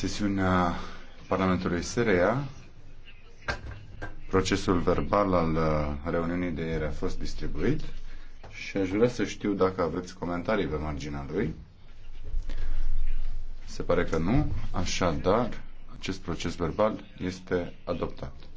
sesiunea Parlamentului Serea. Procesul verbal al uh, reuniunii de ieri a fost distribuit și aș vrea să știu dacă aveți comentarii pe marginea lui. Se pare că nu, așadar acest proces verbal este adoptat.